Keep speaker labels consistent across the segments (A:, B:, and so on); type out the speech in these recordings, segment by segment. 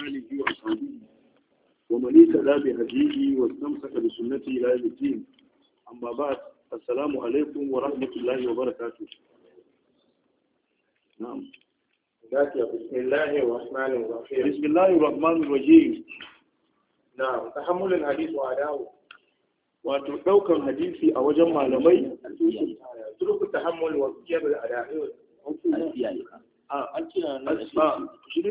A: آله وأصحابه ومن اهتدى بهديه واستمسك بسنته إلى يوم الدين أما بعد السلام عليكم ورحمة الله وبركاته نعم بسم الله الرحمن الرحيم بسم الله الرحمن الرحيم نعم تحمل الحديث وأداؤه wato ɗaukan hadisi a wajen malamai turku ta hamul wa kiyar da ada'i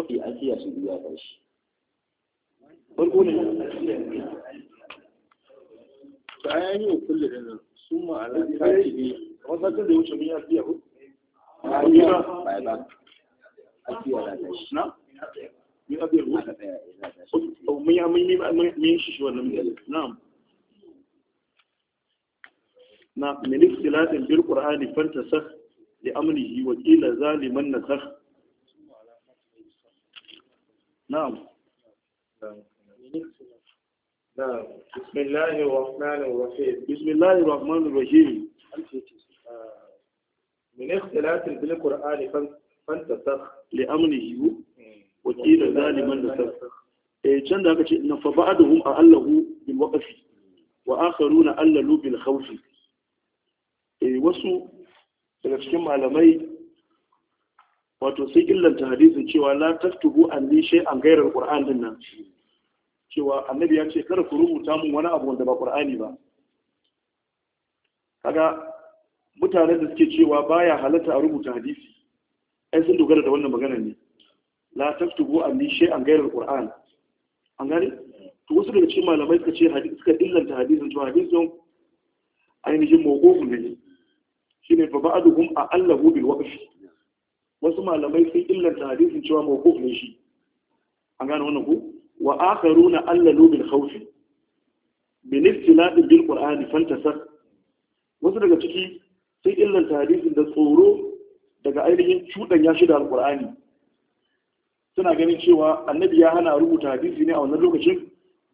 A: التي أتي سبيا فرش ونقول تعاني وكل لنا ثم على كاتبه وما تدري وش مياه فيه مياه فيه نعم نعم نعم نعم نعم نعم نعم نعم نعم نعم نعم من اختلاف بالقرآن فانتسخ لأمنه وإلى ظالما نسخ na'am na'am bismillahir rahmanir rahim bismillahir rahmanir rahim من اختلاف بالقرآن فانتسخ لأمره وكيل ظالما نسخ can da aka ce na fafa'aduhum a allahu bil waƙafi wa akharu na allalu bil khawfi wasu daga cikin malamai wato sai illanta hadisin cewa la taktubu an shay an ghayra alquran din nan cewa annabi ya ce kar ku rubuta mun wani abu wanda ba qur'ani ba kaga mutanen da suke cewa baya halatta a rubuta hadisi ai sun dogara da wannan magana ne la taktubu an shay an ghayra alquran an gane to wasu daga cikin malamai suka ce hadisi suka illanta hadisin to hadisin ainihin mawqufun ne shine fa ba'aduhum a'allahu bil waqfi wasu malamai sun illanta hadisin cewa mawquf ne shi an gane wannan ku wa akharuna allalu bil khawfi bin istilad bil qur'an fantasar wasu daga ciki sun illanta hadisin da tsoro daga ainihin cudan ya shi da alqur'ani suna ganin cewa annabi ya hana rubuta hadisi ne a wannan lokacin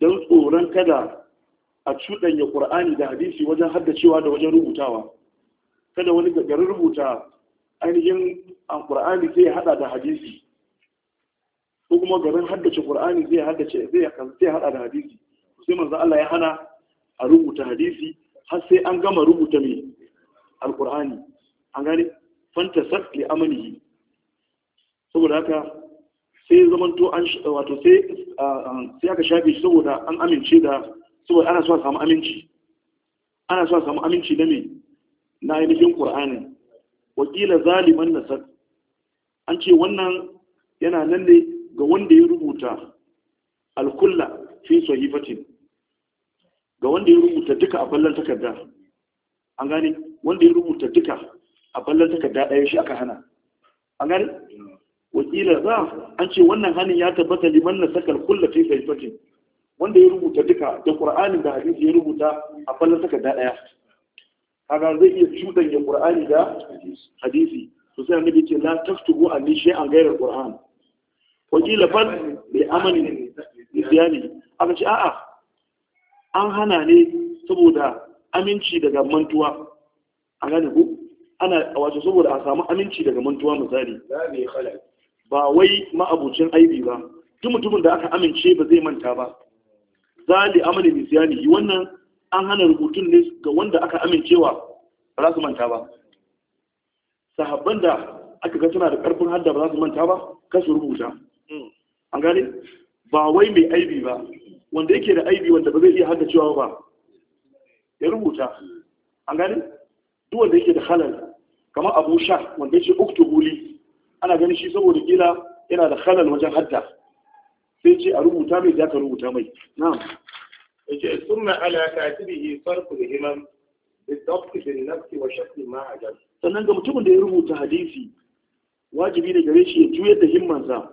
A: don tsoron kada a cuɗanya qur'ani da hadisi wajen haddacewa da wajen rubutawa kada wani garin rubuta ainihin alqur'ani zai hada da hadisi ko kuma garin haddace qur'ani zai haddace zai zai hada da hadisi sai manzo Allah ya hana a rubuta hadisi har sai an gama rubuta mai alqur'ani an gane fanta sakli amalihi saboda haka sai zamanto an wato sai sai aka shafe shi saboda an amince da saboda ana so a samu aminci ana so a samu aminci da mai na ainihin qur'anin wakila zaliman nasar an ce wannan yana nan ne ga wanda ya rubuta alkulla fi sahifatin ga wanda ya rubuta duka a fallon takarda an gane wanda ya rubuta duka a fallon takarda ɗaya shi aka hana an gane wakila za an ce wannan hannun ya tabbata liman na alkulla kulla fi sahifatin wanda ya rubuta duka da ƙur'anin da hadisi ya rubuta a fallon takarda ɗaya kaga zai iya cuɗanya qur'ani da hadisi to sai annabi ce na taftubu a nishe an gairar wa qila bal mai amani nisyani A ce a'a an hana ne saboda aminci daga mantuwa a gane ku ana wato saboda a samu aminci daga mantuwa misali ba wai ma'abucin aibi ba Tumutumin mutumin da aka amince ba zai manta ba zali amali yi wannan an hana rubutun ne ga wanda aka amincewa ba za su manta ba sahabban da aka ga suna da karfin hadda ba za su manta ba kan su rubuta an gane ba wai mai aibi ba wanda yake da aibi wanda ba zai iya hadda cewa ba ya rubuta an gane duk wanda yake da halal kamar abu sha wanda yake uktubuli ana ganin shi saboda kila yana da halal wajen hadda sai ce a rubuta mai za ka rubuta mai na'am yace summa ala katibihi farqu al-himam بالضبط بالنفس وشكل ما عجب sannan ga mutumin da ya rubuta hadisi wajibi ne gare shi ya juyar da himmansa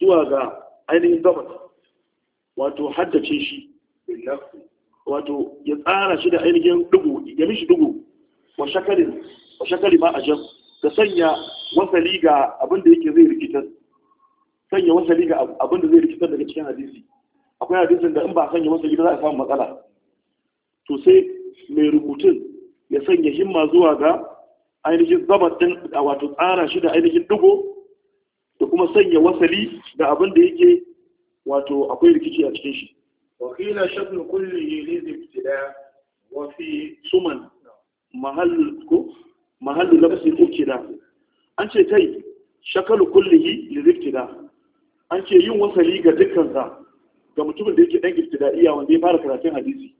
A: zuwa ga ainihin zabat wato haddace shi wato ya tsara shi da ainihin dugu ya mishi dugu wa shakalin wa shakali ma ajab da sanya wasali ga abin da yake zai rikitar sanya wasali ga abin da zai rikitar daga cikin hadisi akwai hadisin da in ba sanya masa gida za a samu matsala to sai mai rubutun ya sanya himma zuwa ga ainihin zabar din a wato tsara shi da ainihin dugo da kuma sanya wasali da abin da yake wato akwai rikici a cikin shi wakila shaklu kulli lil ibtida wa fi suman mahallu ko mahallu labsi an ce kai shakalu kullihi lil ibtida an ce yin wasali ga dukkan sa ga mutumin da yake dan ibtida'iyya wanda ya fara karatun hadisi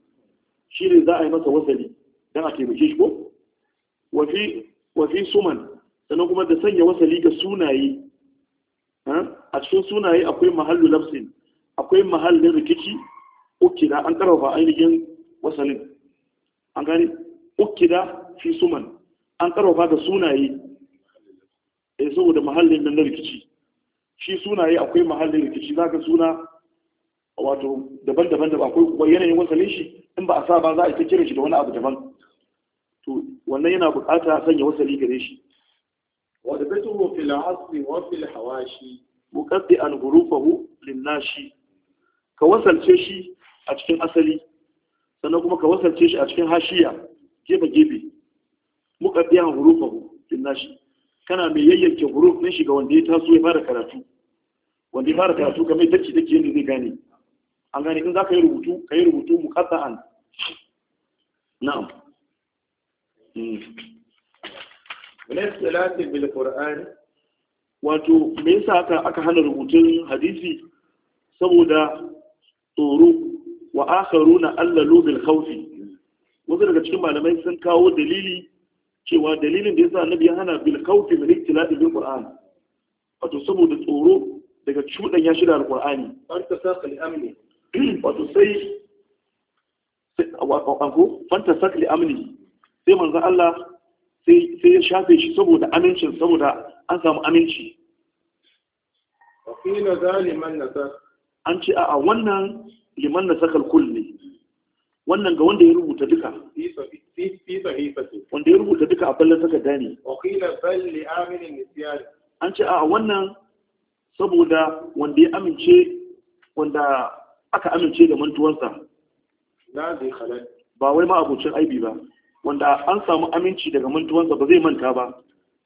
A: shi ne za a yi masa wasali dan a taimake shi ko wafi fi suman sannan kuma da sanya wasali ga sunaye a cikin sunaye akwai mahallu lafsin akwai mahallin rikici ukida an karfafa ainihin wasalin an gani ukida fi suman an karfafa ga sunaye eh saboda mahallin nan na rikici shi sunaye akwai mahallin rikici zaka suna wato daban-daban da akwai yanayin wasalin shi in ba a sa ba za a ta kira shi da wani abu daban to wannan yana bukata sanya wasali gare shi wa da batu fil asli wa fil hawashi muqaddi an hurufahu lin nashi ka wasalce shi a cikin asali sannan kuma ka wasalce shi a cikin hashiya gefe gefe muqaddi an hurufahu lin nashi kana mai yayyanke huruf din shi ga wanda ya taso ya fara karatu wanda ya fara karatu kamar dacci dacci yadda zai gane an gane in za ka yi rubutu ka yi rubutu muqatta'an na'am Wani hmm. salati bil Qur'ani wato me yasa aka aka hana rubutun hadisi saboda tsoro wa akharuna allalu bil khawfi wasu daga cikin malamai sun kawo dalili cewa dalilin da yasa annabi ya hana bil khawfi min iktiladi bil Qur'an wato saboda tsoro daga cudan ya shida al-Qur'ani har ta saka al-amni wato sai wato fanta sakli amini sai manzo Allah sai ya shafe shi saboda amincin saboda an samu aminci wakila za liman nasar an ce a wannan liman nasakal kul ne wannan ga wanda ya rubuta duka wanda ya rubuta duka a ballon takarda ne wakila bal li aminin nisyari an ce a wannan saboda wanda ya amince wanda aka amince da mantuwansa ba wai ma abocin aibi ba wanda an samu aminci daga mantuwansa ba zai manta ba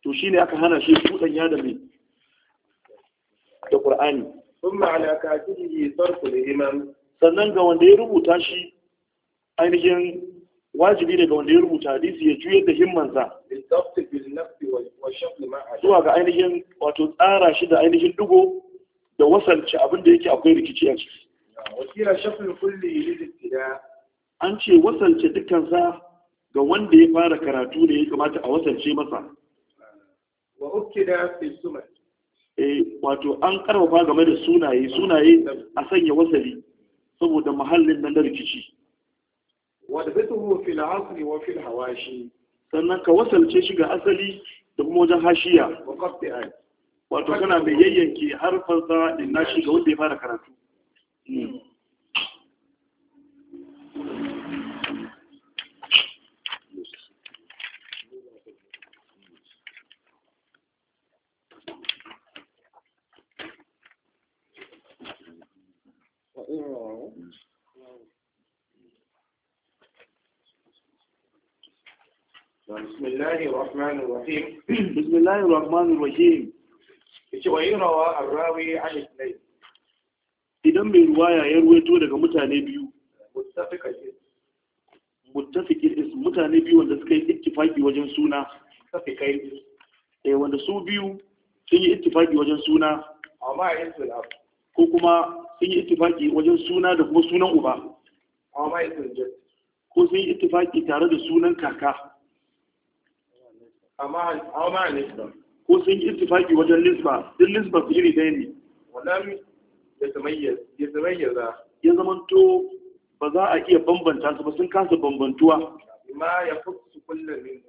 A: to shine aka hana shi tudan ya da mai da qur'ani ala sarfu sannan ga wanda ya rubuta shi ainihin wajibi ne ga wanda ya rubuta hadisi ya juyar da himmansa zuwa ga ainihin wato tsara shi da ainihin dugo da wasance abinda yake akwai rikici a ciki wakila shafin kulli lilibtida an ce wasance dukkan sa ga wanda ya fara karatu ne ya kamata a wasance masa wa ukida fi sumat eh wato an karfafa game da sunaye sunaye a sanya wasali saboda mahallin nan da rikici wadbituhu fil asli wa fil hawashi sannan ka wasalce shi ga asali da kuma wajen hashiya wato kana mai yayyanke harfansa da nashi ga wanda ya fara karatu بسم الله الرحمن الرحيم بسم الله الرحمن الرحيم وإن روى الراوي عن اثنين idan mai ruwaya ya ruwaito daga mutane biyu muttafiqin is mutane biyu wanda suka yi ittifaki wajen suna muttafiqai eh, wanda su biyu sun yi ittifaki wajen suna amma islam ko kuma sun yi ittifaki wajen suna da kuma sunan uba amma islam ko sun yi ittifaki tare da sunan kaka amma amma islam ko sun yi ittifaki wajen lisba din lisba su iri ɗaya ne ya Ya to ba za a iya bambanta su ba sun kasa bambantuwa ma ya fusu kullum min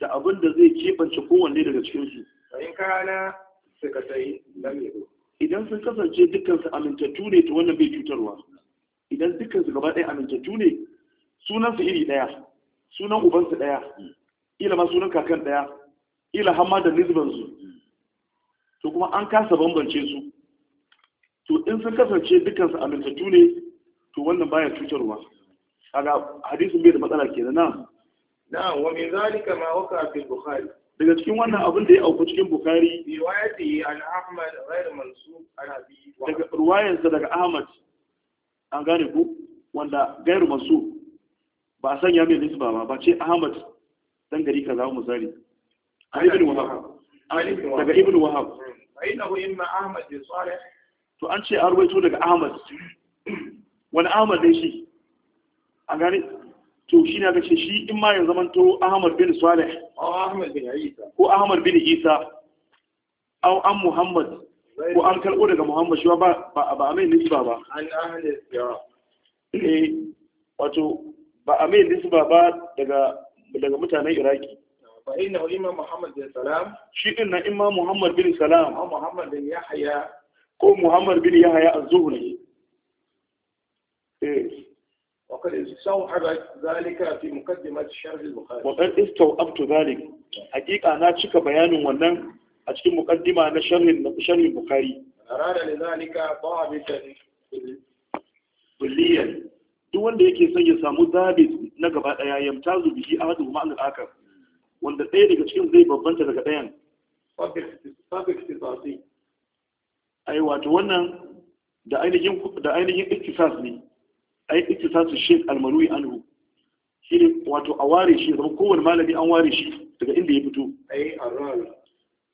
A: da abin da zai kebance kowanne daga cikin su in kana suka sai idan sun kasance dukkan su amintattu ne to wannan bai cutarwa idan dukkan su gaba ɗaya amintattu ne sunan su iri ɗaya sunan uban su ɗaya ila ma sunan kakan ɗaya ila hamma da nizban su to kuma an kasa bambance su to in sun kasance dukansu amintattu ne to wannan baya cutarwa kaga hadisin bai da matsala kenan na na'am wa min zalika ma waka fi bukhari daga cikin wannan abin da ya auku cikin bukhari riwayati an ahmad ghayr mansub an bi daga sa daga ahmad an gane ku wanda ghayr mansub ba a sanya mai nisba ba ba ce ahmad dan gari kaza mu zari ibn wahab daga ibn wahab hmm. fa imma ahmad salih to an ce an ruwaito daga ahmad wani ahmad dai shi a gane to shi ne ce shi in ma ya zama to ahmad bin salih ko ahmad bin isa au an muhammad ko an karɓo daga muhammad shi ba a mai nisba ba eh, wato ba a mai nisba ba daga mutanen iraki فإنه إما محمد بن سلام شيء إن إما محمد بن سلام أو محمد بن يحيى ko Muhammad bin Yahya az-Zuhri eh wa kada su sauhara zalika fi muqaddimat sharh al-Bukhari wa qad haqiqa na cika bayanin wannan a cikin muqaddima na sharhin na sharh al-Bukhari arada lidhalika ba'd kulliyan duk wanda yake son ya samu zabit na gaba daya yamta zubi ahadu ma al-akar wanda daya daga cikin zai babbanta daga dayan ai wato wannan da ainihin da ainihin iktisas ne ai iktisasu Sheikh Al-Marwi anhu shi wato a ware shi zama kowane malami an ware shi daga inda ya fito ai arral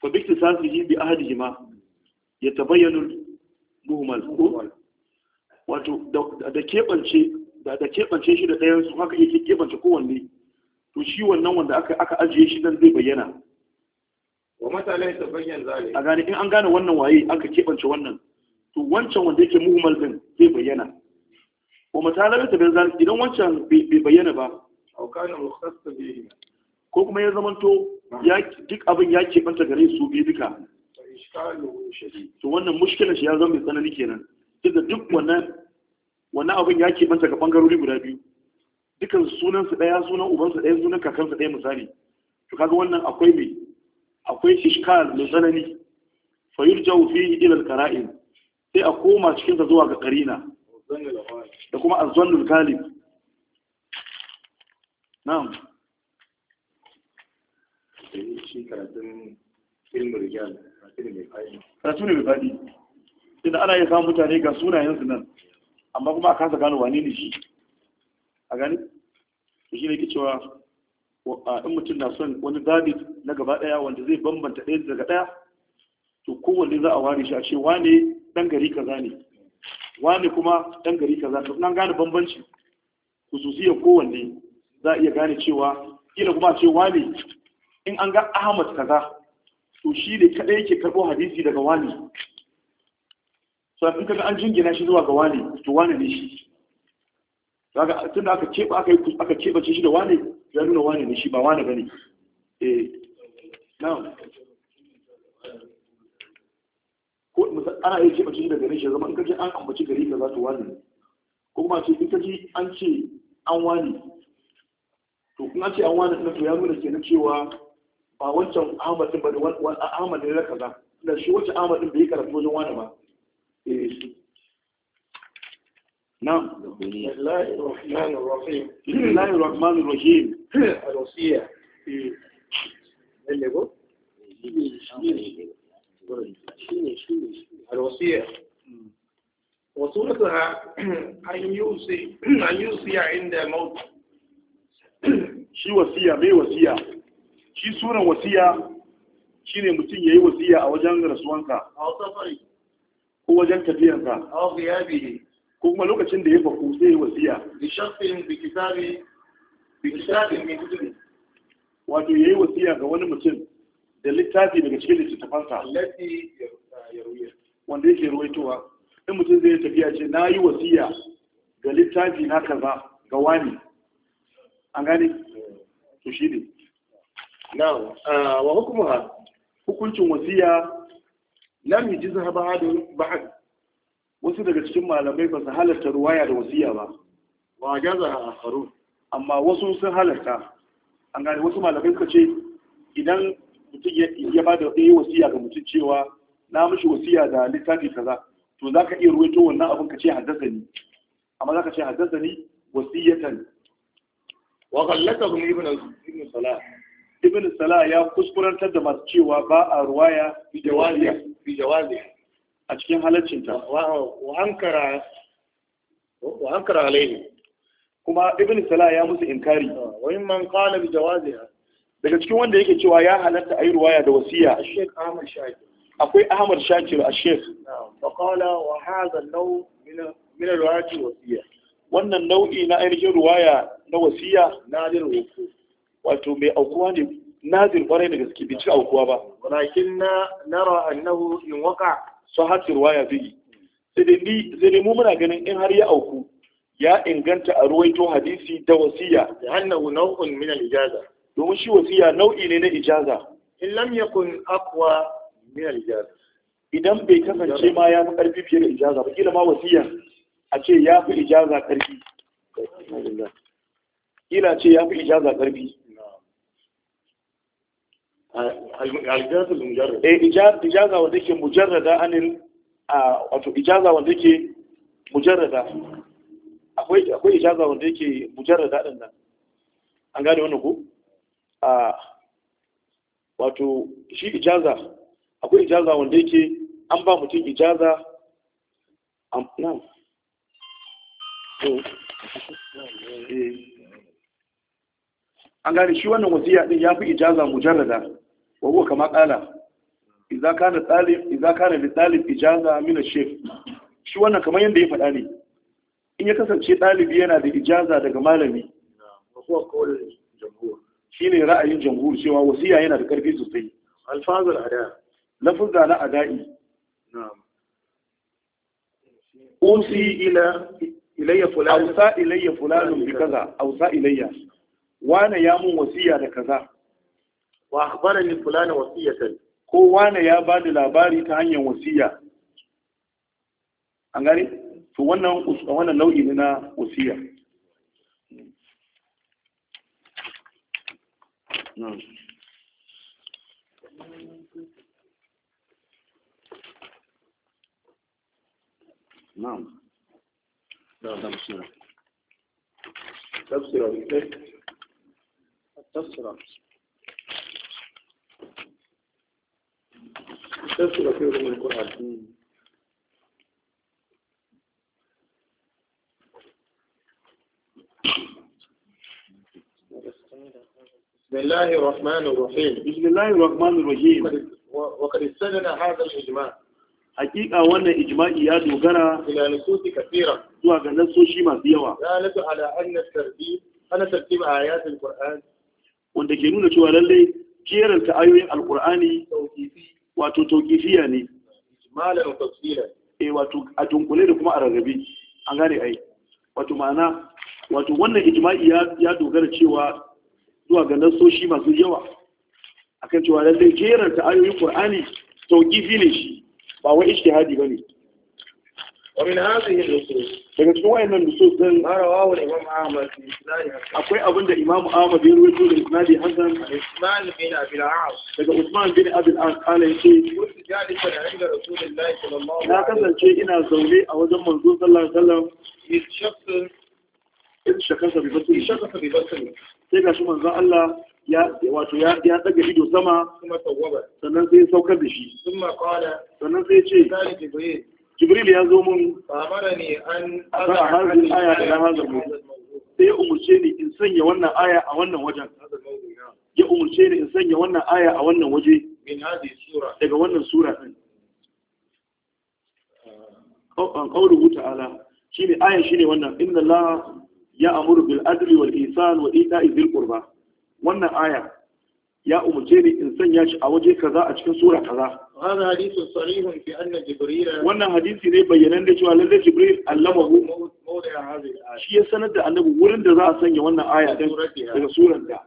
A: fa bi iktisasihi bi ahadihima yatabayyanu muhmal wato da kebance da kebance shi da ɗayan su haka yake kebance kowanne to shi wannan wanda aka aka ajiye shi dan zai bayyana wa matalai a gane in an gane wannan waye aka kebance wannan to wancan wanda yake muhimmal din zai bayyana wa matalai ta bayyan zalika idan wancan bai bayyana ba au kana mukhtassa bihi ko kuma ya to ya duk abin ya kebanta gare su bi duka to wannan mushkilar shi ya zama mai tsanani kenan duk da duk wannan wannan abin ya kebanta ga bangarori guda biyu dukan sunan su daya sunan uban su daya sunan kakan su daya misali to kaga wannan akwai mai akwai ishkal mai tsanani fa yurja'u fihi ila al sai a koma cikin zuwa ga karina da kuma azzannul galib na'am shi karatu ne mai faɗi inda ana iya samun mutane ga sunayensu nan amma kuma a kasa gano wane ne shi a gani shi ne ke cewa in mutum na son wani zabi na gaba daya wanda zai bambanta ɗaya daga ɗaya to kowanne za a ware shi a ce wane dan gari kaza ne wane kuma dan gari kaza to nan gane bambanci khususiyar kowanne za a iya gane cewa kila kuma a ce wane in an ga Ahmad kaza to shi ne kaɗai yake karɓo hadisi daga wane so kaga an jingina shi zuwa ga wane to wane ne shi kaga tunda aka keɓa aka shi da wane ya nuna wani ne shi ba wani ba ne eh na ko ana iya ce mace daga nishi zama in kaji an ambaci gari ka za su wani ko kuma ce in kaji an ce an wani to kun an ce an wani na to ya nuna kenan cewa ba wancan Ahmad din ba da Ahmad ne na kaza da shi wancan Ahmad din bai karatu wajen wani ba eh. Now, the line of man of him, the man of him, I was here. I was here. What's all in the mouth. She was me was here. She saw her was here. She named me, he was here. I was younger, swanka. I was suffering. kuma lokacin da ya faku sai wasiya bi shakhsin bi kitabi bi kitabin min kutubi wato wasiya ga wani mutum da littafi daga cikin littattafansa allati wanda yake ruwaitowa in mutum zai tafiya ce na yi wasiya ga littafi na kaza ga wani an gane to shi ne na ah, wa hukumuha hukuncin wasiya lam yujizha ba'd ba'd wasu daga cikin malamai ba su halarta ruwaya da wasiya ba ba gaza a faru amma wasu sun halarta an gane wasu malamai suka ce idan mutum ya ba da ɗaya wasiya ga mutum cewa na mishi wasiya da littafi kaza to za ka iya ruwaito wannan abin ka ce haddasa ni amma za ka ce haddasa ni wasiyatan wa kallaka kuma ibn salah ibn salah ya kuskurantar da masu cewa ba a ruwaya bi jawaziya a cikin halaccinta wa ankara wa ankara alaihi kuma ibn salah ya musu inkari wa in man qala bi jawaziha daga cikin wanda yake cewa ya halatta ayi ruwaya da wasiya Sheikh Ahmad Shakir akwai Ahmad Shakir a Sheikh fa qala wa hadha an-naw min min riwayati wasiya wannan nau'i na ainihin ruwaya na wasiya nadir wuku wato mai aukuwa ne nadir kwarai da gaske bi ci aukuwa ba walakin na nara annahu in waqa su hati ruwaya bihi sai dai mu muna ganin in har ya auku ya inganta a ruwaito hadisi da wasiya da annahu nau'un min al-ijaza domin shi wasiya nau'i ne na ijaza in lam yakun aqwa min al-ijaza idan bai kasance ma ya fi karfi fiye da ijaza ba kila ma wasiya a ce ya fi ijaza karfi kila ce ya fi ijaza karfi al-ijazatul mujarrad eh ijaza wanda yake mujarrada anil wato ijaza wanda yake mujarrada akwai akwai ijaza wanda yake mujarrada din nan an gane wannan ko wato shi ijaza akwai ijaza wanda yake an ba mutum ijaza am na eh. an gane shi wannan din ya fi ijaza mujarrada wa huwa kama qala Iza kana talib idza kana ijaza min ash shi wannan kamar yanda ya faɗa ne in ya kasance ɗalibi yana da ijaza daga malami shi ne ra'ayin jamhur cewa wasiya yana da ƙarfi sosai alfazar ada lafuzza na ada'i usi ila ilayya fulani ausa ilayya fulani bi kaza ausa ilayya wane ya mun wasiya da kaza wa akhbarani fulana wasiyatan ko wane ya bada labari ta hanyar wasiya an to wannan wannan nau'i ne na wasiya na'am نعم لا تفسير تفسير sai su rafi rumun Qur'an بسم wannan ijma'i ya dogara ila nususi kathira zuwa ga nasoshi masu yawa dalatu ala anna tartib ana tartib ayat alquran wanda ke nuna cewa lalle jeran ta ayoyin alqurani tawqifi wato tokifiya ne eh, wato a dunkule da kuma a rarrabe an gane ai wato ma'ana wato wannan ijma'i ya dogara cewa zuwa ga nasoshi masu yawa akan cewa lallai jerar ta ayoyin qur'ani tokifi ne shi ba wai ba ne. ومن هذه النصوص daga cikin wayannan nusus din rawahu imam ahmad akwai abin imam ahmad ya rawaito da isnadi hasan usman bin abi al-as daga usman bin abi al-as kana yace na kasance ina zaune a wajen manzo sallallahu alaihi wasallam in sai ga shi Allah ya wato ido sama kuma sannan sai saukar da shi sannan sai ce jibril ya zo mun a kan hazin aya da na hazin mu sai ya umarce ni in sanya wannan aya a wannan wajen ya umarce ni in sanya wannan aya a wannan waje daga wannan sura din shi ne shine ayan shine wannan inna allaha ya'muru bil adli wal ihsan wa ita'i dhil qurba wannan aya ya umarce ni in sanya shi a waje kaza a cikin sura kaza hada hadithun sarihun fi anna jibril wannan hadisi ne bayyanan da cewa lalle jibril allamahu mawdi'a hadhihi shi ya sanar da annabi wurin da za a sanya wannan aya din daga suran da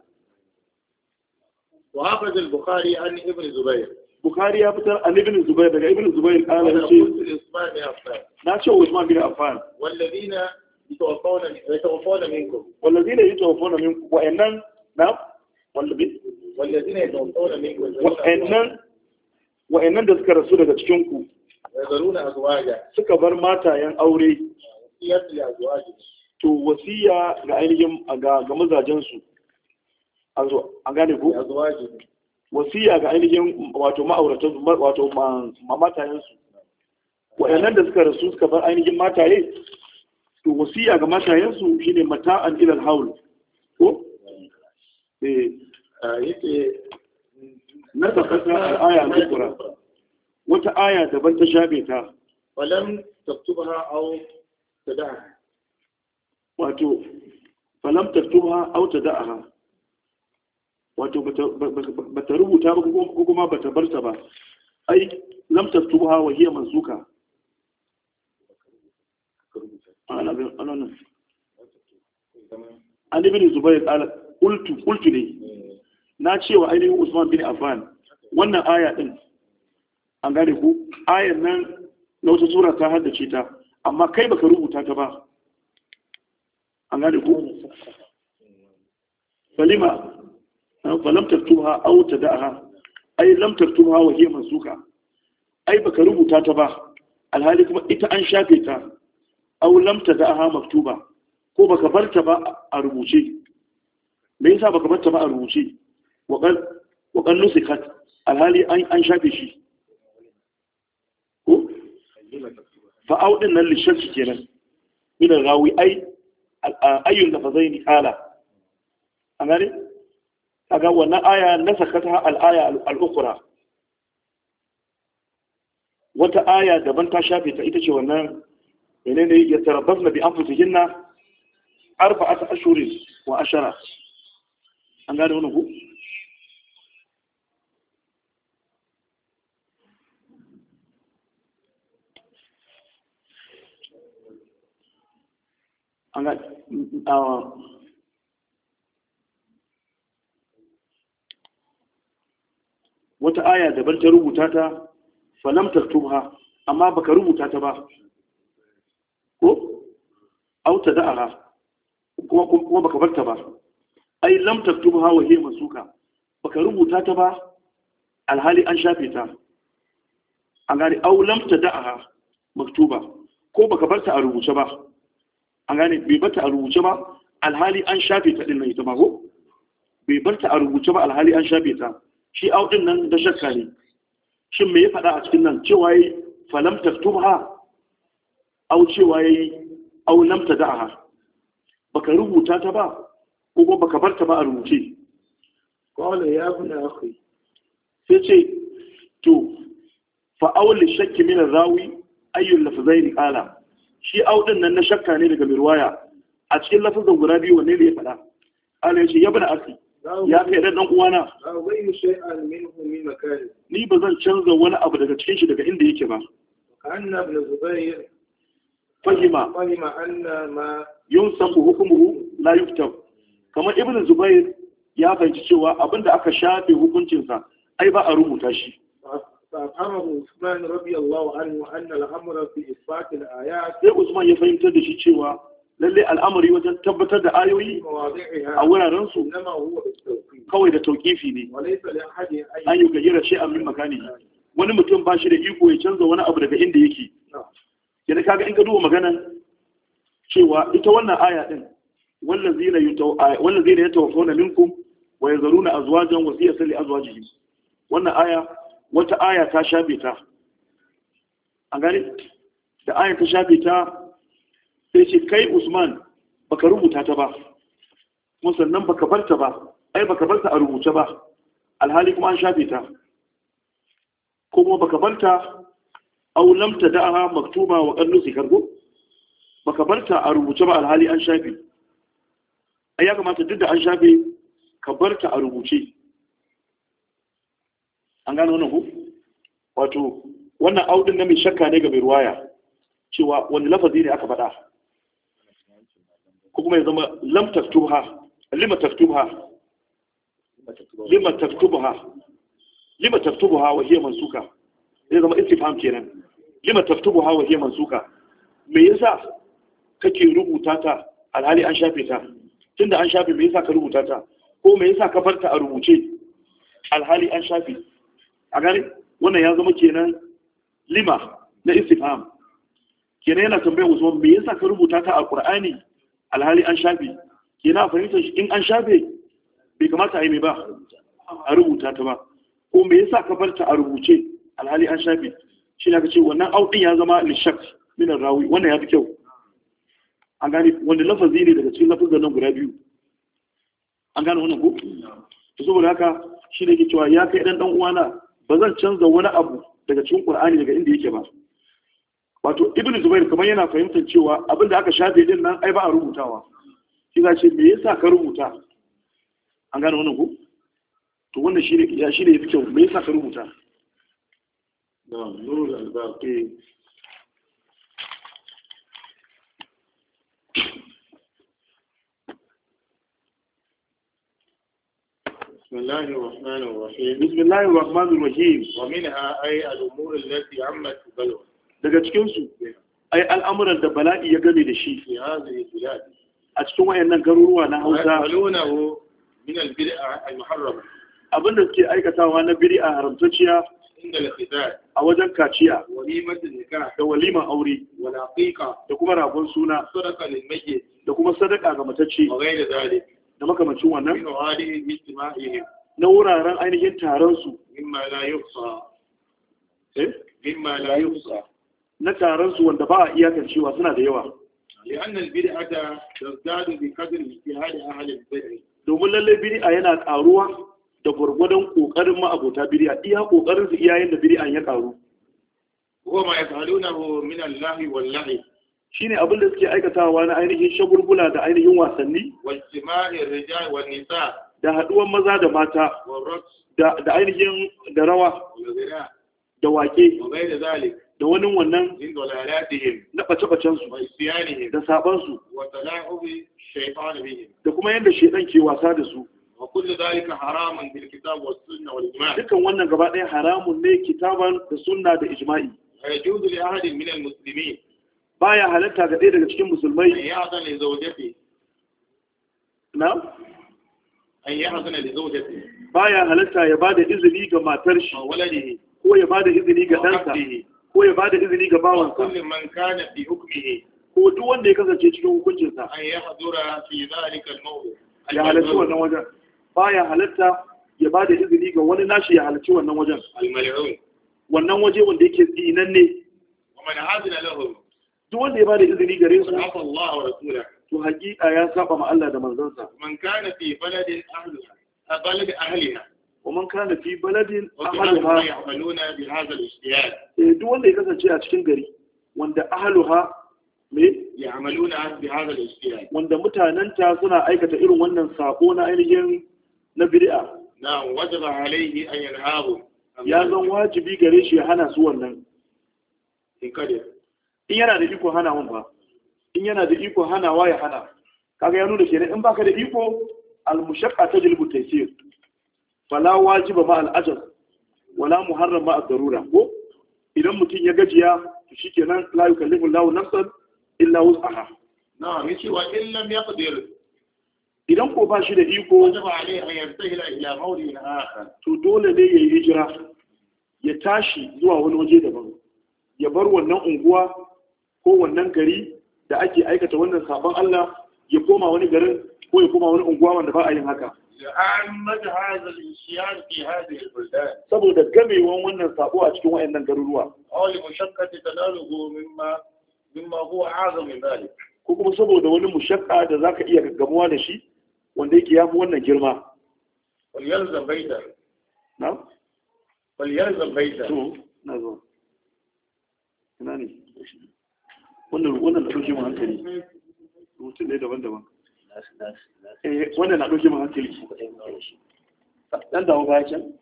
A: wa hafiz al-bukhari an ibn zubair bukhari ya fitar an ibn zubair daga ibn zubair qala ce. na ce usman bin affan walladina yatawaffawna yatawaffawna minkum walladina yatawaffawna minkum wa annan na wallabi wa'annan da suka rasu daga cikinku suka bar matayen aure to wasiya ga ainihin ga mazajensu a gane ku wasiya ga ainihin wato ma'auratan wato matayensu wa'annan da suka rasu suka bar ainihin mataye to wasiya ga matayensu shine an ilal haul ko eh wata aya daban ta shafe ta falam taktubha aw tada'a wato falam taktubha aw tada'aha wato bata rubuta ba ko kuma bata barta ba ai lam taktubha wa hiya mansuka ana bin ana nan an ibn zubayr qala qultu qultu ne eh. na cewa ainihin Usman bin Affan wannan aya din an gane ku ayar nan na wata sura ta haddace ta amma kai baka rubuta ta ba an gane ku falima falam taktuha aw tadaha ai lam taktuha wa hiya mansuka ai baka rubuta ta ba alhali kuma ita an shafe ta aw lam tadaha maktuba ko baka barta ba a rubuce me yasa baka barta ba a rubuce waƙan nusikat alhali an shafe shi ko fa'audin nan lisharci kenan ina rawi ai ayyun da fazai ni kala a gane kaga wannan aya na sakata al'aya al'ukura wata aya daban ta shafe ta ita ce wannan ne ne ya tarabbas na bi an fusihinna arba'ata ashurin wa ashara an gane wani ku an ga um, wata aya daban ta rubuta ta falam taktubha amma baka rubuta ta ba ko auta da'aha kuma kuma baka barta ba ai lam taktubha wa hiya masuka baka rubuta ta ba alhali an shafe ta an gari au lam tada'aha maktuba ko baka barta a rubuce ba an gane bai bata a rubuce ba alhali an shafe ta din nan ita ma ko bai barta a rubuce ba alhali an shafe ta shi au din nan da shakka ne shin me ya faɗa a cikin nan cewa yi falam taktubha au cewa yi au lam tada'ha baka rubuta ta ba ko kuma baka barta ba a rubuce qala ya ibn akhi sai ce to fa awli shakki min rawi ayyul lafzaini qala shi audin nan na shakka ne daga mirwaya a cikin lafazin guda biyu wanne ne ya faɗa ala ya ce ya asi ya kai dan dan uwana ni ba zan canza wani abu daga cikin shi daga inda yake ba anna ibn fahima fahima anna ma yunsaku hukmuhu la yuktab kamar ibn zubair ya fahimci cewa abinda aka shafe hukuncinsa ai ba a rubuta shi فأمر عثمان رضي الله عنه أن الأمر في إثبات الآيات sai Usman ya fahimtar da shi cewa lalle al'amari wajen tabbatar da ayoyi a wuraren su kawai da taukifi ne an yi gayyara shi a min makani wani mutum ba shi da iko ya canza wani abu daga inda yake yana kaga in ka duba magana cewa ita wannan aya din Wannan wallazina yatawaffawna minkum wa yazaruna azwajan wasiyatan li azwajihim wannan aya wata aya ta shafe ta a gani da aya ta shafe ta sai ce kai usman baka rubuta ta ba kuma sannan baka barta ba ai baka barta a rubuce ba alhali kuma an shafe ta kuma baka barta aw lam tada'aha maktuba wa qad nusikar ko baka barta a rubuce ba alhali an shafe ai ya kamata duk da an shafe ka barta a rubuce an gano wannan ku wato wannan audin na mai shakka ne ga mai ruwaya cewa wani lafazi ne aka faɗa kuma ya zama lam taftubha lima taftubha lima wa hiya mansuka zai zama istifham kenan lima wa hiya mansuka me yasa kake rubuta ta alhali an shafe ta tunda an shafe me yasa ka rubuta ta ko me yasa ka farta a rubuce alhali an shafe a gani wannan ya zama kenan lima na istifam kenan yana tambayar usman me yasa ka rubuta ta a qur'ani alhali an shafe kenan a fahimtar shi in an shafe bai kamata a yi mai ba a rubuta ta ba ko me yasa ka bar ta a rubuce alhali an shafe shi na ce wannan audin ya zama lishak minan rawi wannan ya fi kyau an gane wanda lafazi ne daga cikin lafazin nan guda biyu an gane wannan ko to saboda haka shi ne ke cewa ya kai dan dan uwana ba zan canza wani abu daga cikin ƙur'ani daga inda yake ba wato Ibn Zubair kamar yana fahimtar cewa abin da aka shafe din nan ai ba a rubutawa shi za ce me yasa ka rubuta an gane wannan ku to wannan shine ya shine yafi kyau me yasa ka rubuta na'am nurul albaqi بسم الله الرحمن الرحيم بسم الله الرحمن الرحيم ومنها أي الأمور التي عمت بلوى daga cikin su ai al'amuran da bala'i ya game da shi a cikin wayannan garuruwa na Hausa min al-bid'a al-muharrama abinda suke aikatawa na bid'a haramtacciya a wajen kaciya da walima aure da kuma ragon suna da kuma sadaka ga matacce da makamacin wannan na wuraren ainihin taron su eh? na taron su wanda ba a cewa suna da yawa domin lallai bid'a yana karuwa da gwargwadon kokarin ma'abota bid'a iya kokarin su iyayen da bid'an ya karu wa na yasaluna min Allah wallahi shi abin da suke aikatawa na ainihin shagulgula da ainihin wasanni da haduwan maza da mata da ainihin da rawa da wake da wani wannan na ɓace-ɓacensu da sabansu da kuma yadda shaidan ke wasa da su dukkan wannan gaba ɗaya haramun ne kitaban da sunna da ijma'i baya halatta ga ɗaya daga cikin musulmai ya hasana da zaujati na an ya hasana da zaujati baya halatta ya da izini ga matar shi ko ya ba da izini ga ɗansa ko ya ba da izini ga bawansa ko duk wanda ya kasance cikin hukuncinsa ya ya halatta wannan wajen baya halatta ya da izini ga wani nashi ya halatta wannan wajen wannan waje wanda yake tsinan ne wa man duk wanda ya bada izini gare su to haƙiƙa ya saba ma Allah da manzansa man kana fi baladin ahliha a balad ahliha wa man kana fi baladin ahliha ya'maluna bi hadha al-ijtihad eh duk wanda ya kasance a cikin gari wanda ahliha me ya'maluna bi hadha al-ijtihad wanda mutanen ta suna aikata irin wannan sako na ainihin na bid'a na wajaba alaihi an yanhahu ya zan wajibi gare shi ya hana su wannan in kada in yana da iko hana wun ba in yana da iko hana wa ya hana kaga ya nuna kenan in baka da iko al-mushaqqa tajlibu taysir fala wajiba ma al-ajr wala muharram ma al darura ko idan mutum ya gajiya to shikenan la yukallifu Allahu nafsan illa wus'aha na'am yace wa in lam yaqdir idan ko ba shi da iko wajaba alayhi an yantahila ila mawdin akhar to dole ne yayi hijira ya tashi zuwa wani waje daban ya bar wannan unguwa ko wannan gari da ake aikata wannan sabon Allah ya koma wani garin ko ya koma wani unguwa wanda ba a yin haka saboda gamewan wannan sabo a cikin wayannan garuruwa ko kuma saboda wani mushakka da za ka iya gaggamuwa da shi wanda yake fi wannan girma Kwaliyar baita na walyanzan baita to na zo ina ne wannan ɗauke mu hankali rubutun ne daban-daban eh, wannan na ɗauke mu hankali dan dawo ba can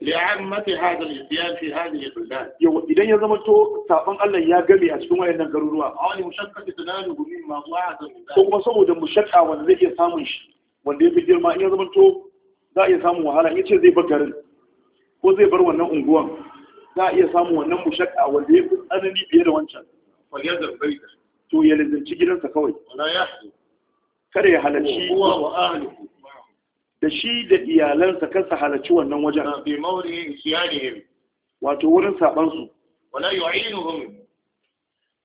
A: li'ammati hadha al-isyan fi hadhihi al-buldan yau idan ya zama to sabon Allah ya game a cikin wayannan garuruwa awali mushakkati tanaluhu mimma wa'ada ko kuma saboda mushakka wanda zai iya samun shi wanda yafi girma in ya zama to za a iya samun wahala in ce zai bar garin ko zai bar wannan unguwan za a iya samun wannan mushakka wanda ya fi tsanani fiye da wancan faliyar da to ya lizanci gidansa kawai kare ya kada ya halarci da shi da iyalansa kansa halarci wannan wajen wato wurin saban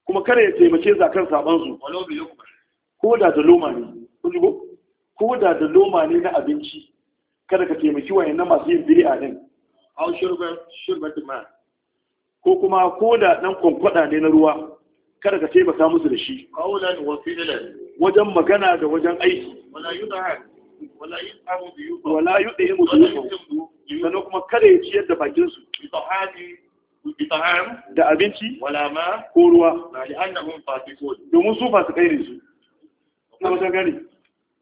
A: kuma kada ya taimake zakan saban ko da da loma ne ko da da loma ne na abinci kada ka taimaki wayannan masu yin bid'a din aw shurban shurbat ma ko kuma ko da ɗan kwankwada ne na ruwa kada ka taimaka musu da shi wajen magana da wajen aiki wala yi ɗaya yi sannan kuma kada ya ciyar da bakinsu da abinci ko ruwa domin su fasikai ne su na wajen gani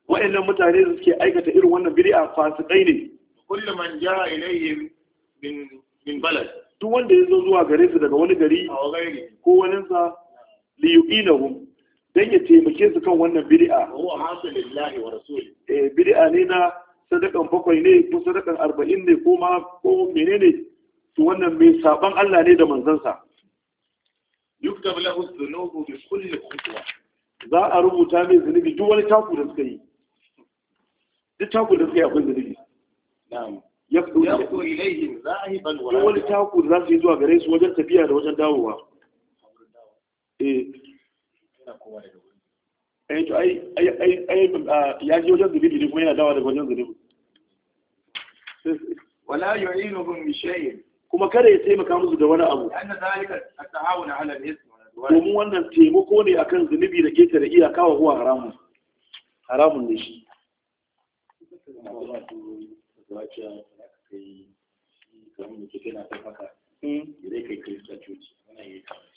A: wa'annan mutane suke aikata irin wannan a fasikai ne kullum man ja min balad duk wanda ya zo zuwa gare su daga wani gari ko wani sa li yuqinahum dan ya taimake su kan wannan bid'a huwa hasulillahi wa rasuli eh bid'a ne na sadakan bakwai ne ko sadakan arba'in ne ko ma ko menene to wannan mai saban Allah ne da manzansa yuktab lahu dhunubu bi kulli khutwa za a rubuta mai zunubi duk wani taku da suka yi duk taku da suka yi akwai zunubi na'am yafdu ilayhim zahiban wa wani taku za su yi zuwa gare su wajen tafiya da wajen dawowa eh to ai ai ai ya ji wajen zunubi ne kuma yana dawa daga wajen zunubi wala yu'inuhum bi shay'in kuma kada ya taimaka musu da wani abu anna zalika at-ta'awun 'ala al-ism domin wannan taimako ne akan zunubi da keta da iyaka wa huwa haramun haramun ne shi kai kamar da ke na kan haka zai hmm. kai kirista coci ana yi kamar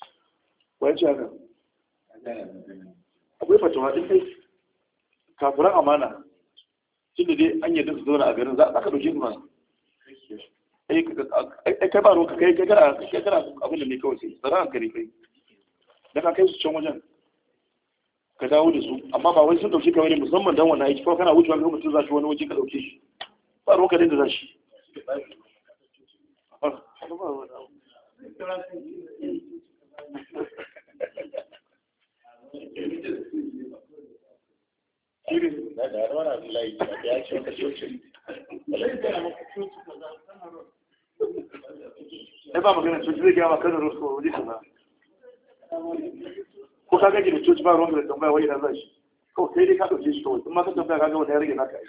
A: shi wani haka akwai fatawa ɗin kai kafuran amana da dai an yarda su zauna a garin za a ɗauke su mana kai ba ruwanka kai gara abin da ne kawai sai tsara kare kai da ka kai su can wajen ka dawo da su amma ba wai sun ɗauke ka wani musamman don wani aiki kawai kana wucewa ga mutum za shi wani waje ka ɗauke shi ba ruwanka dai da za shi ai ba magana cuci zai gyara kada rusu wuri kaza ko ka gaji da cuci ba ruwan da tambaya wani na zai kawai sai dai ka ɗauke shi kawai in ma ka tambaya ka ga wani ya rage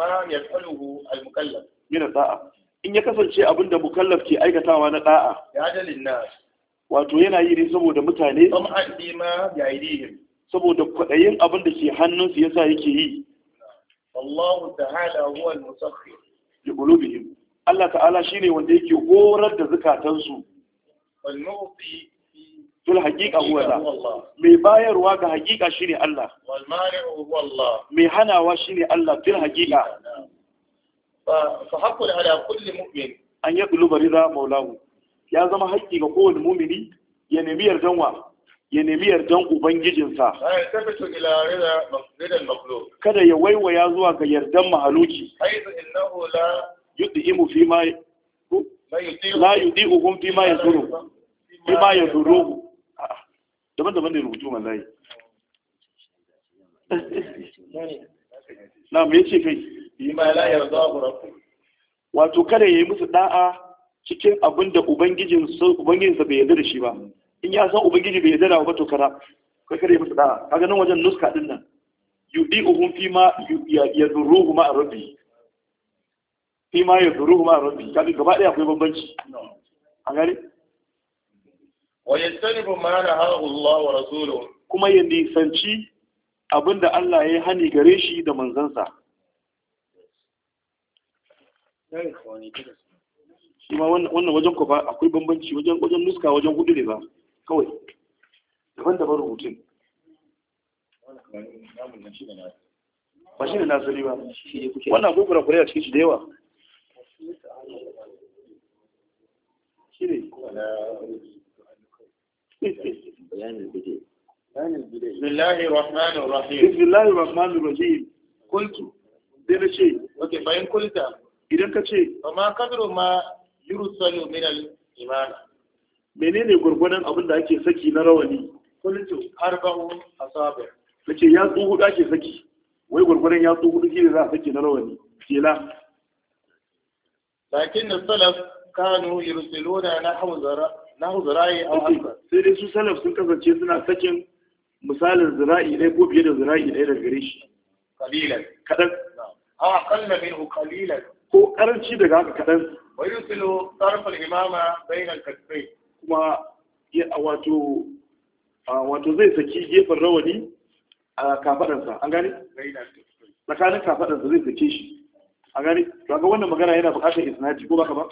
A: ma yaf'aluhu al-mukallaf min da'a in ya kasance abin da mukallaf ke aikatawa na da'a ya dalil nas wato yana yi ne saboda mutane am ma ya idihim saboda kwaɗayin abin da ke hannun su yasa yake yi Allah ta'ala huwa al-musakhir li qulubihim Allah ta'ala shine wanda yake horar da zakatansu wal mu'ti fil haqiqa huwa Allah mai bayarwa ga haqiqa shine Allah wal mani'u huwa Allah mai hanawa shine Allah fil haqiqa fa haqqu ala kulli mu'min an yaqluba ridha mawlahu ya zama haƙƙi ga kowane mumini ya nemi yardan wa ya nemi yardan ubangijinsa kada ya waiwaya zuwa ga yardan mahaluki yudhimu fi ma la yudhi'uhum fi ma yadhuru fi ma yadhuru daban-daban ne rubutu wallahi na mai ce kai la yarda wato kada yayi musu da'a cikin abin da ubangijin ubangijinsa bai yarda da shi ba in ya san ubangiji bai yarda da ba to kada kai kada musu da'a kaga nan wajen nuska din nan yudi'uhum fi ma yadurruhu ma rabbi fi ma yadurruhu ma rabbi kaga gaba daya akwai bambanci a gane wa yastanibu ma nahahu Allah wa rasuluhu kuma ya nisanci abinda Allah ya hani gare shi da manzansa shi ma wannan wajen ku ba akwai bambanci wajen wajen nuska wajen hudu ne ba kawai daban daban rubutun ba shi ne nasiri ba wannan akwai kurakure a cikin shi da yawa shi ne bayanin bidai بسم الله الرحمن الرحيم بسم قلت sai na ce bayan kulta idan ka ce amma kadro ma yurusalu menene gurgurdan abin da ake saki na rawani kultu arba'u asabi nace ya tsu hudu ake saki wai gurgurdan ya tsu hudu ne za a saki na rawani kela lakin salaf kanu yursiluna nahwu hu zira'i a wasu sai dai su salaf sun kasance suna sakin misalin zira'i ɗaya ko biye da zira'i ɗaya daga gare shi Kaɗan. kadan aw aqalla minhu qalilan ko karanci daga haka kadan wani sulo tarf al-imama bayna al-kaffay kuma ya wato wato zai saki gefen rawani a kafadansa an gane tsakanin kafadansa zai sake shi A gane to ga wannan magana yana buƙatar isnadi ko baka ba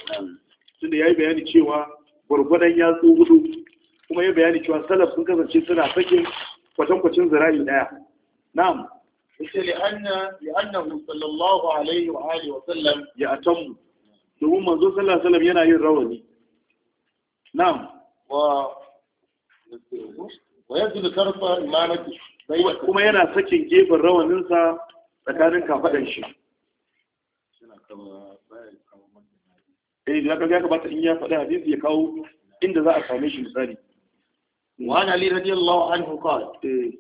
A: tunda yayi bayani cewa gwargwadon yatsu gudu kuma ya bayani cewa salaf sun kasance suna sakin kwatankwacin zira'i daya na'am yace li'anna li'annahu sallallahu alaihi wa alihi wa sallam ya atamu domin manzo sallallahu alaihi wasallam yana yin rawani na'am wa wa yadul karfa imanati kuma yana sakin gefen rawaninsa tsakanin kafadan shi eh da kaga ya kamata in ya faɗi hadisi ya kawo inda za a same shi misali wa an ali radiyallahu anhu qala eh,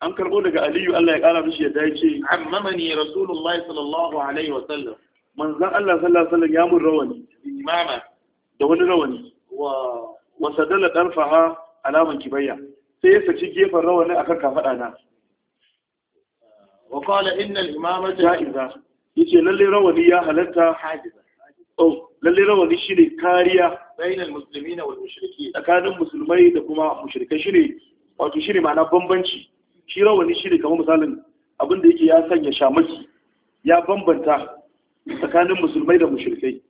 A: an karbo daga aliyu Allah ya kara mishi yadda yake ammamani rasulullahi sallallahu alaihi wa sallam manzon Allah sallallahu alaihi wa sallam ya mun rawani imama da wani rawani wa wa sadala darfaha alaman kibayya sai ya saci gefen rawani akan kafada na wa qala inna al-imamata ja'iza yace lalle rawani ya halatta hajiza tsau lalle rawani shine kariya bainal muslimina wal mushriki tsakanin musulmai da kuma mushrikai shine wato shine ma'ana bambanci shi rawani shine kamar misalin abin da yake ya sanya shamaki ya bambanta tsakanin musulmai da mushrikai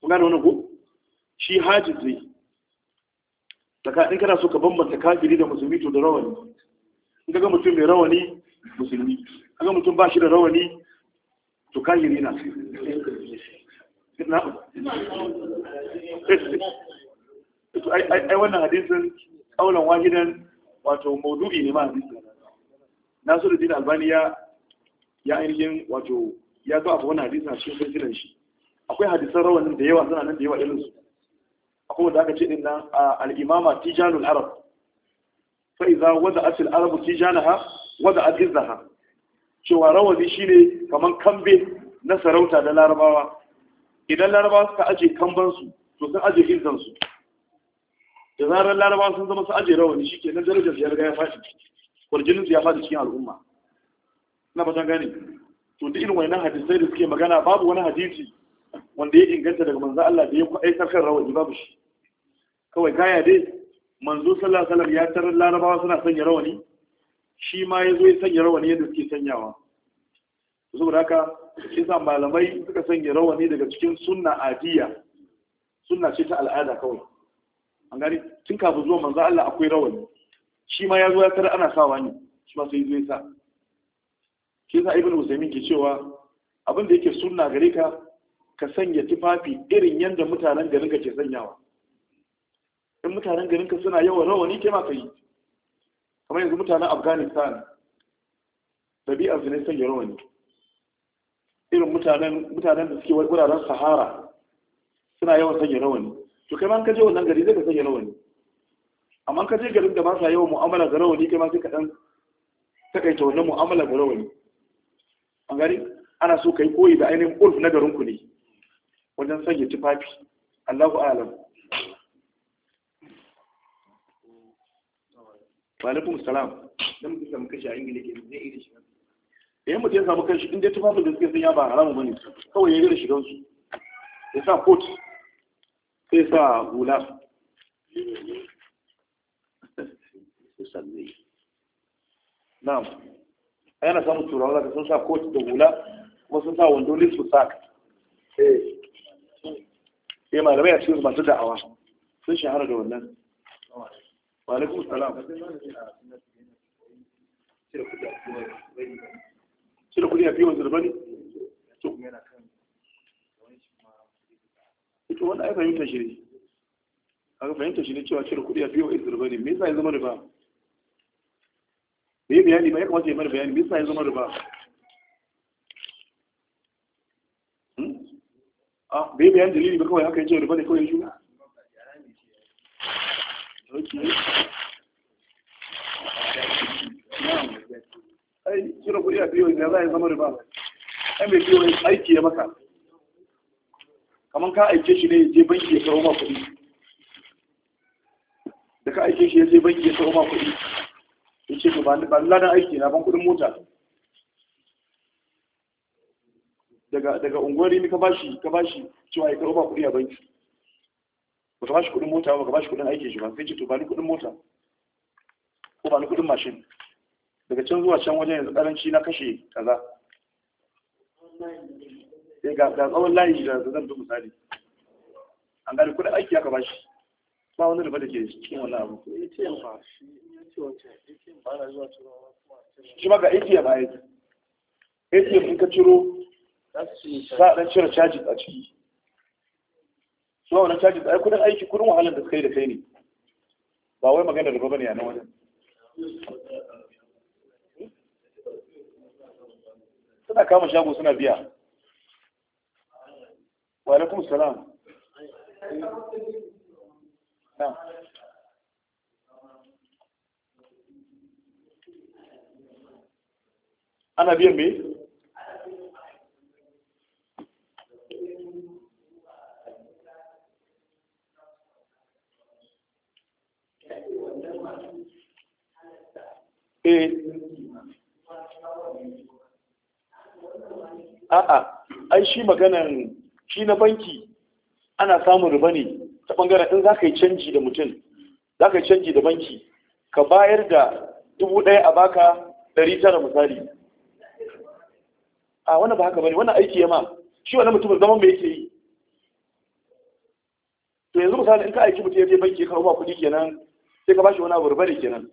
A: kun gane wannan ko shi hajji zai tsakanin kana so ka bambanta kafiri da musulmi to da rawani in ga mutum mai rawani musulmi kaga mutum ba shi da rawani to kafiri na ai wannan hadisin kaulan wahidan wato maudu'i ne ma hadisin nasiruddin albani ya ya ainihin wato ya zo abu wannan hadisin a cikin sirrin shi akwai hadisan rawanin da yawa suna nan da yawa irinsu akwai wanda aka ce din nan al-imama tijanul arab fa idza wada'at al-arabu tijanaha wada'at izzaha cewa rawani shine kaman kambe na sarauta da larabawa idan laraba suka aje kambansu to sun aje izzansu da zarar laraba sun zama su aje rawani shi ke na darajar ya riga ya faɗi kwarjininsu ya faɗi cikin al'umma na fatan gani to duk irin wannan hadisai da suke magana babu wani hadisi wanda ya inganta daga manzo Allah da ya ku aikar kan rawani babu shi kawai gaya dai manzo sallallahu alaihi wasallam ya tarar larabawa suna sanya rawani shi ma ya zo ya sanya rawani yadda suke sanyawa saboda haka shi sa malamai suka sanya rawani daga cikin sunna adiya sunna ce ta al'ada kawai an gani tun kafin zuwa manzo Allah akwai rawani shi ma ya zo ya tara ana sawa ne shi ma sai zai sa shi sa ibnu usaymin ke cewa abin da yake sunna gare ka ka sanya tufafi irin yadda mutanen garin ka ke sanyawa in mutanen garin ka suna yawan rawani ke ma ka yi kamar yanzu mutanen afghanistan ɗabi'ar su ne sanya rawani irin mutanen da suke wuraren sahara suna yawan sanya rawani to kai ma ka je wannan gari zai ka sanya rawani amma ka je garin da ba sa yawan mu'amala ga rawani kai ma sai ka dan takaita wannan mu'amala ga rawani an gari ana so kai koyi da ainihin ulf na garin ku ne wajen sanya tufafi Allahu a'lam wa alaikum salam dan mutum kashi a ingila ke zai iya shiga idan eh, mutum ya samu kanshi inda tufafin da suke sanya ba haramu bane kawai ya da shigan su ya sa kot sai sa hula Na a yana samun turawa zaka sun sa kot da hula kuma sun sa wando lisu sa ya eh. eh malamai a cikin masu da'awa sun shahara da wannan wa alaikum salam cire kudi a fiye wanzu da bane ita wani ai fahimta shi ne aka fahimta shi ne cewa cire kudi a fiye wanzu da bane me yasa ya zama riba me bayani ba ya kamata ya mara bayani me yasa ya zama riba hmm? a bai bayan dalili ba kawai haka cewa riba ne kawai shi ai kuɗi a biyo ya za ya zama riba ai mai biyo aiki ya maka kamar ka aike shi ne je banki ya kawo ma kuɗi da ka aike shi ya je banki ya kawo ma kuɗi ya ce ba ni ladan aiki na ban kuɗin mota daga daga unguwari ni ka bashi ka bashi cewa ya kawo ma kuɗi a banki ba ka bashi kuɗin mota ba ka bashi kuɗin aiki shi ba sai ce to ba ni kuɗin mota ko ba ni kuɗin mashin daga can zuwa can wajen yanzu karanci na kashe kaza sai eh, ga ga tsawon layi da zan bi misali an gani kudin aiki aka bashi ba wani riba da ke cikin wannan abu shi ma ga ATM a yanzu ATM in ka ciro za a ɗan cire charges a ciki su wannan charges ai kudin aiki kudin wahalar da suka yi da kai ne ba wai magana da bane a nan wajen suna kama shago suna biya wa alaikum salam ana biyan me eh a'a ai shi maganan shi na banki ana samun riba ne ta bangaren in za ka yi canji da mutum za yi canji da banki ka bayar da dubu ɗaya a baka ɗari tara misali a wannan ba haka bane wannan aiki ya ma shi wannan mutumin zaman mai yake yi to yanzu misali in ka aiki mutum ya je banki ka ba kuɗi kenan sai ka bashi wani abu riba ne kenan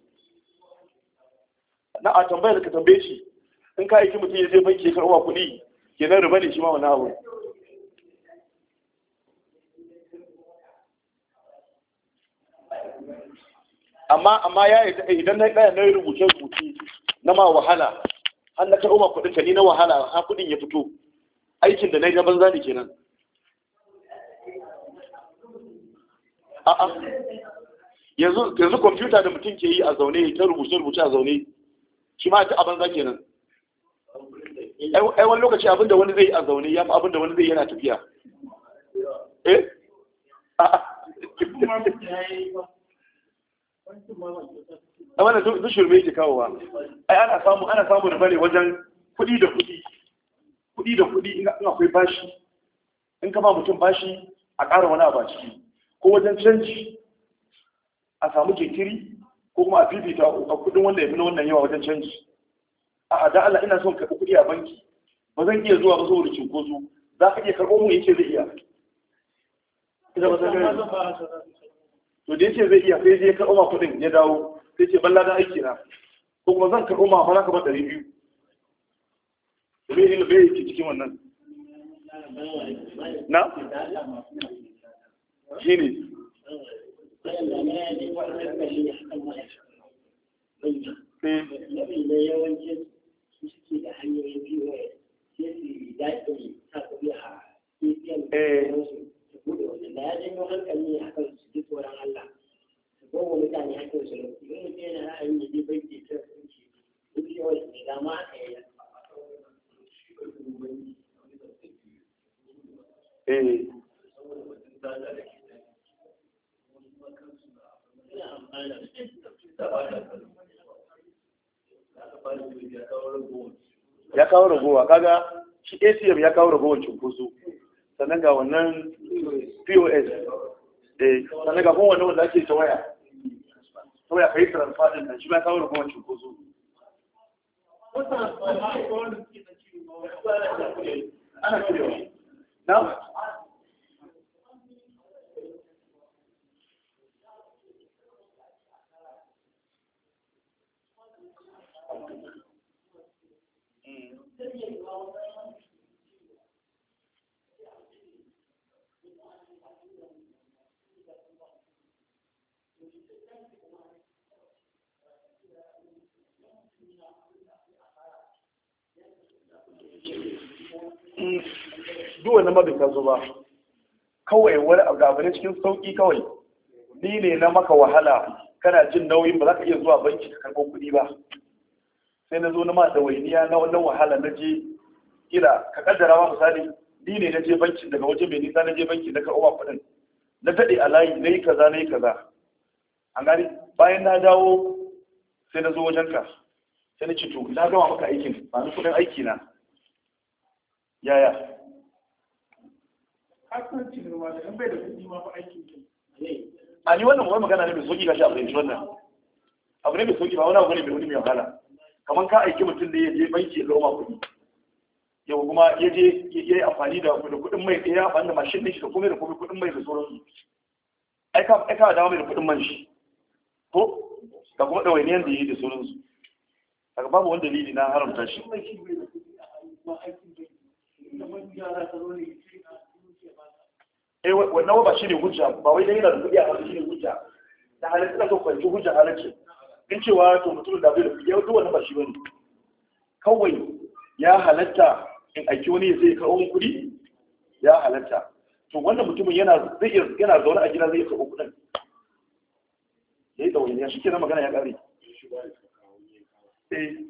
A: na a tambayar ka tambaye shi in ka aiki mutum ya je banki ya karɓa kuɗi kenan riba ne shi ma wani abu amma amma ya idan na ɗaya na rubuce rubuce na ma wahala an na karɓo ma kuɗin ka ni na wahala har kuɗin ya fito aikin da na yi na banza ne kenan a'a yanzu yanzu kwamfuta da mutum ke yi a zaune ta rubuce rubuce a zaune shi ma ta a banza kenan ai wani lokaci abinda wani zai a zaune ya fi abinda wani zai yana tafiya eh a wani zushir mai ke kawowa ai ana samu ana samu da bane wajen kudi da kudi kuɗi da kuɗi in akwai bashi in kama mutum bashi a ƙara wani abu a ciki ko wajen canji a samu jinkiri ko kuma a fifita a kudin wanda ya fi na wannan yawa wajen canji a da Allah ina son karɓi kuɗi a banki ba zan iya zuwa ba saboda cinkoso za ka iya karɓo mu ya ce zai iya zan to da yace zai iya sai zai karɓo ma kuɗin ya dawo sai ce balla da aiki na ko kuma zan karɓo ma fara kamar ɗari biyu to bai ne bai yake cikin wannan na shi ne eh su suke da hanyoyin POS sai su daɗe sa kuɗi a ATM da eh. su buɗe wannan ya janyo hankali ne akan su ji tsoron Allah su gogo mutane hakan su lokaci in mutum yana ra'ayin ya je banki ta kunci duk POS ne da ma aka yi ya kawo ragowa kaga shi acm ya kawo ragowar cunkoso sannan ga wannan pos eh, sannan ga kuma wannan wanda ake ta waya ta waya kai transfer din nan shi ma kawo ragowar cunkoso ana cirewa na duk wannan ma bai taso ba kawai wani abu abu ne cikin sauƙi kawai ni ne na maka wahala kana jin nauyin ba za ka iya zuwa banki ka karɓo kuɗi ba sai na zo na ma da wainiya na wannan wahala na je kira ka kaddara ma misali ni ne na je banki daga waje mai nisa na je banki na karɓo kuɗin na daɗe a layi na yi kaza na yi kaza an gani bayan na dawo sai na zo wajenka sai na ce to na gama maka aikin ba ni kuɗin aiki na yaya a ni wannan wani magana ne mai soki gashi shi a fahimci wannan abu ne mai soki ba wani abu ne mai wani mai wahala kamar ka aiki mutum da ya je banki ya loma kuɗi yau kuma ya je ya yi amfani da kuɗin mai ya amfani da mashin ɗin shi da komai da komai kuɗin mai da sauransu Aika a ai mai da kuɗin man shi ko da kuma ɗawainiyan da ya yi da sauransu daga babu wani dalili na haramta shi eh wannan ba shi ne hujja ba wai dai yana da kuɗi a wani shi ne hujja da halittu na kan kwanci hujjan ce. in cewa to mutum da bai da kuɗi yau wannan ba shi bane kawai ya halatta in aiki wani ya zai karɓo kuɗi ya halatta to wannan mutumin yana zai yana zaune a gida zai karɓo kuɗin ya yi wani ya shi kenan magana ya ƙare eh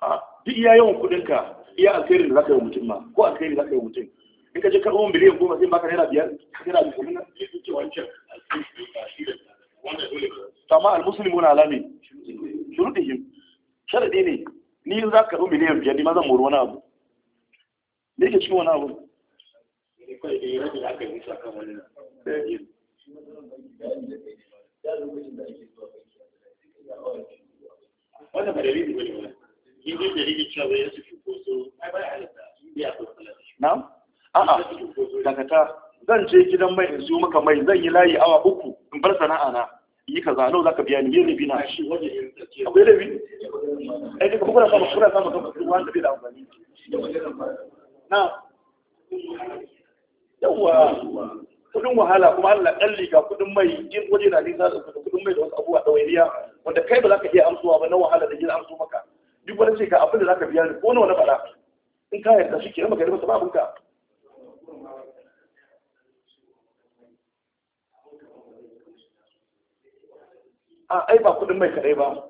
A: duk iya yawan kuɗin ka iya alkhairin da zaka yi wa mutum ma ko alkhairin da zaka yi wa mutum in ka je karɓo miliyan goma sai baka naira biyar naira biyar kuma ce wancan amma almuslimun ala ne shuruɗihim sharadi ne ni in za ka karɓo miliyan biyar ni ma zan mori wani abu ne ke cikin wani abu wannan ba dalili ba ne na? a'a dakata zan je gidan mai in siyo maka mai zan yi layi awa uku in bar sana'a na yi ka kaza za ka biya ni me rabi na akwai rabi eh duka kuna sama kuna sama kan kuma wanda bai da amfani na yawa kudin wahala kuma Allah kalli ga kudin mai in waje na nisa da kudin mai da wasu abubuwa dawainiya wanda kai ba za ka iya amsuwa ba na wahala da gina amsu maka ni kuma ce ga abin da ka biya ni ko nawa na faɗa in ka yarda shi kenan baka yarda ba abin ka a ai ba kudin mai kadai ba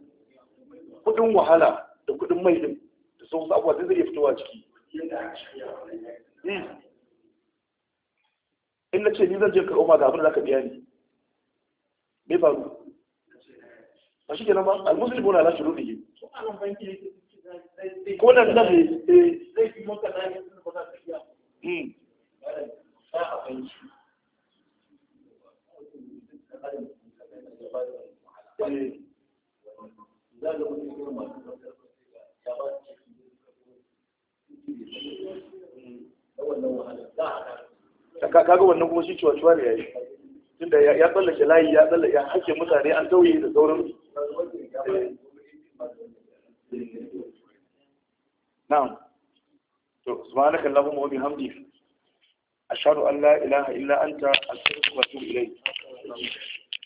A: kudin wahala da kudin mai din da sauran abubuwa da zai iya fitowa ciki hmm. in na ce ni zan je karɓo ma ga abin da ka biya ni me faru ba shi kenan ba Al-musni almuslimu na la shuruɗi ko nan nan zai fi maka na yi ba za ta iya hmm. kaga wannan kuma shi ciwa-ciwa ne ya yi tunda ya tsallake layi ya tsallake ya hake mutane an tauye da sauran eh. na'am to subhanaka allahumma wa Hamdi, ashhadu Allah la ilaha illa anta astaghfiruka ilai.